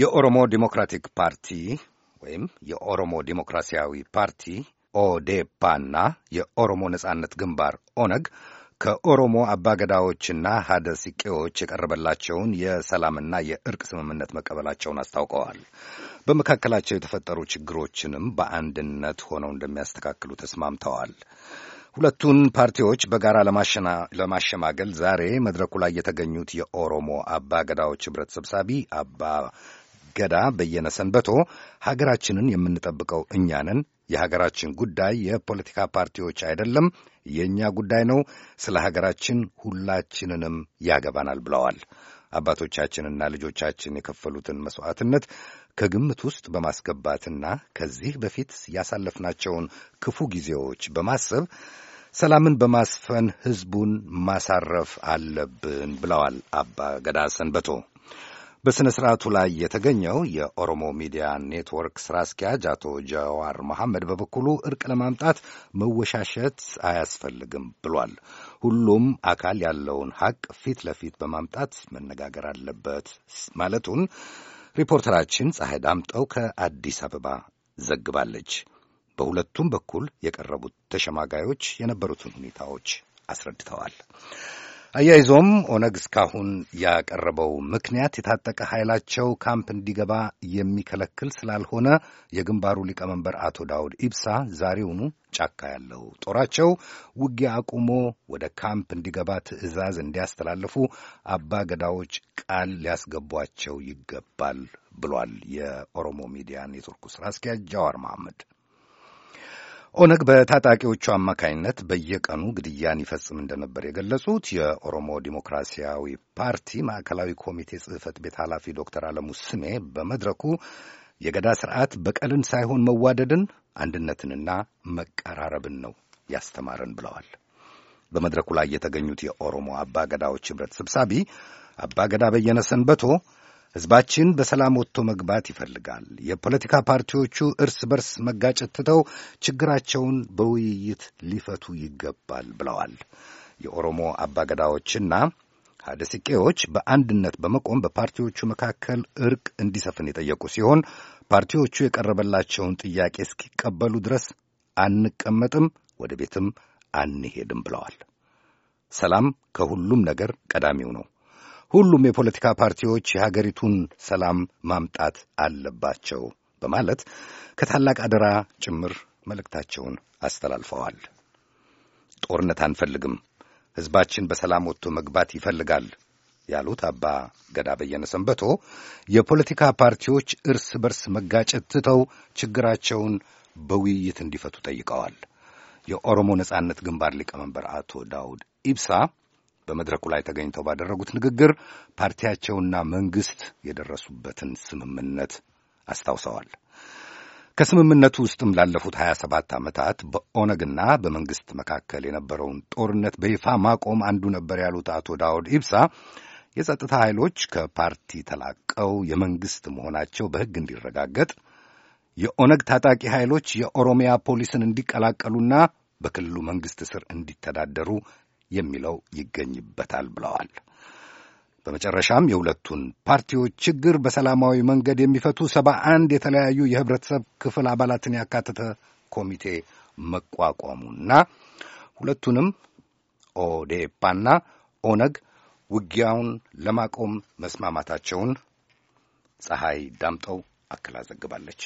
የኦሮሞ ዲሞክራቲክ ፓርቲ ወይም የኦሮሞ ዲሞክራሲያዊ ፓርቲ ኦዴፓና የኦሮሞ ነጻነት ግንባር ኦነግ ከኦሮሞ አባገዳዎችና ሀደ ሲቄዎች የቀረበላቸውን የሰላምና የእርቅ ስምምነት መቀበላቸውን አስታውቀዋል። በመካከላቸው የተፈጠሩ ችግሮችንም በአንድነት ሆነው እንደሚያስተካክሉ ተስማምተዋል። ሁለቱን ፓርቲዎች በጋራ ለማሸማገል ዛሬ መድረኩ ላይ የተገኙት የኦሮሞ አባገዳዎች ህብረት ኅብረት ሰብሳቢ አባ ገዳ በየነ ሰንበቶ ሀገራችንን የምንጠብቀው እኛ ነን። የሀገራችን ጉዳይ የፖለቲካ ፓርቲዎች አይደለም፣ የእኛ ጉዳይ ነው። ስለ ሀገራችን ሁላችንንም ያገባናል ብለዋል። አባቶቻችንና ልጆቻችን የከፈሉትን መሥዋዕትነት ከግምት ውስጥ በማስገባትና ከዚህ በፊት ያሳለፍናቸውን ክፉ ጊዜዎች በማሰብ ሰላምን በማስፈን ሕዝቡን ማሳረፍ አለብን ብለዋል አባ ገዳ ሰንበቶ። በሥነ ሥርዓቱ ላይ የተገኘው የኦሮሞ ሚዲያ ኔትወርክ ሥራ አስኪያጅ አቶ ጀዋር መሐመድ በበኩሉ እርቅ ለማምጣት መወሻሸት አያስፈልግም ብሏል። ሁሉም አካል ያለውን ሐቅ ፊት ለፊት በማምጣት መነጋገር አለበት ማለቱን ሪፖርተራችን ፀሐይ ዳምጠው ከአዲስ አበባ ዘግባለች። በሁለቱም በኩል የቀረቡት ተሸማጋዮች የነበሩትን ሁኔታዎች አስረድተዋል። አያይዞም ኦነግ እስካሁን ያቀረበው ምክንያት የታጠቀ ኃይላቸው ካምፕ እንዲገባ የሚከለክል ስላልሆነ የግንባሩ ሊቀመንበር አቶ ዳውድ ኢብሳ ዛሬውኑ ጫካ ያለው ጦራቸው ውጊያ አቁሞ ወደ ካምፕ እንዲገባ ትዕዛዝ እንዲያስተላልፉ አባ ገዳዎች ቃል ሊያስገቧቸው ይገባል ብሏል የኦሮሞ ሚዲያ ኔትወርኩ ስራ አስኪያጅ ጃዋር መሐመድ። ኦነግ በታጣቂዎቹ አማካኝነት በየቀኑ ግድያን ይፈጽም እንደነበር የገለጹት የኦሮሞ ዲሞክራሲያዊ ፓርቲ ማዕከላዊ ኮሚቴ ጽህፈት ቤት ኃላፊ ዶክተር አለሙ ስሜ በመድረኩ የገዳ ስርዓት በቀልን ሳይሆን መዋደድን፣ አንድነትንና መቀራረብን ነው ያስተማረን ብለዋል። በመድረኩ ላይ የተገኙት የኦሮሞ አባ ገዳዎች ኅብረት ሰብሳቢ አባ ገዳ በየነ ሰንበቶ ሕዝባችን በሰላም ወጥቶ መግባት ይፈልጋል። የፖለቲካ ፓርቲዎቹ እርስ በርስ መጋጨት ትተው ችግራቸውን በውይይት ሊፈቱ ይገባል ብለዋል። የኦሮሞ አባገዳዎችና ሀደሲቄዎች በአንድነት በመቆም በፓርቲዎቹ መካከል እርቅ እንዲሰፍን የጠየቁ ሲሆን ፓርቲዎቹ የቀረበላቸውን ጥያቄ እስኪቀበሉ ድረስ አንቀመጥም፣ ወደ ቤትም አንሄድም ብለዋል። ሰላም ከሁሉም ነገር ቀዳሚው ነው። ሁሉም የፖለቲካ ፓርቲዎች የሀገሪቱን ሰላም ማምጣት አለባቸው በማለት ከታላቅ አደራ ጭምር መልእክታቸውን አስተላልፈዋል። ጦርነት አንፈልግም፣ ሕዝባችን በሰላም ወጥቶ መግባት ይፈልጋል ያሉት አባ ገዳ በየነ ሰንበቶ የፖለቲካ ፓርቲዎች እርስ በርስ መጋጨት ትተው ችግራቸውን በውይይት እንዲፈቱ ጠይቀዋል። የኦሮሞ ነጻነት ግንባር ሊቀመንበር አቶ ዳውድ ኢብሳ በመድረኩ ላይ ተገኝተው ባደረጉት ንግግር ፓርቲያቸውና መንግስት የደረሱበትን ስምምነት አስታውሰዋል። ከስምምነቱ ውስጥም ላለፉት 27 ዓመታት በኦነግና በመንግስት መካከል የነበረውን ጦርነት በይፋ ማቆም አንዱ ነበር ያሉት አቶ ዳውድ ኢብሳ የጸጥታ ኃይሎች ከፓርቲ ተላቀው የመንግስት መሆናቸው በሕግ እንዲረጋገጥ የኦነግ ታጣቂ ኃይሎች የኦሮሚያ ፖሊስን እንዲቀላቀሉና በክልሉ መንግስት ስር እንዲተዳደሩ የሚለው ይገኝበታል ብለዋል። በመጨረሻም የሁለቱን ፓርቲዎች ችግር በሰላማዊ መንገድ የሚፈቱ ሰባ አንድ የተለያዩ የህብረተሰብ ክፍል አባላትን ያካተተ ኮሚቴ መቋቋሙና ሁለቱንም ኦዴፓና ኦነግ ውጊያውን ለማቆም መስማማታቸውን ፀሐይ ዳምጠው አክላ ዘግባለች።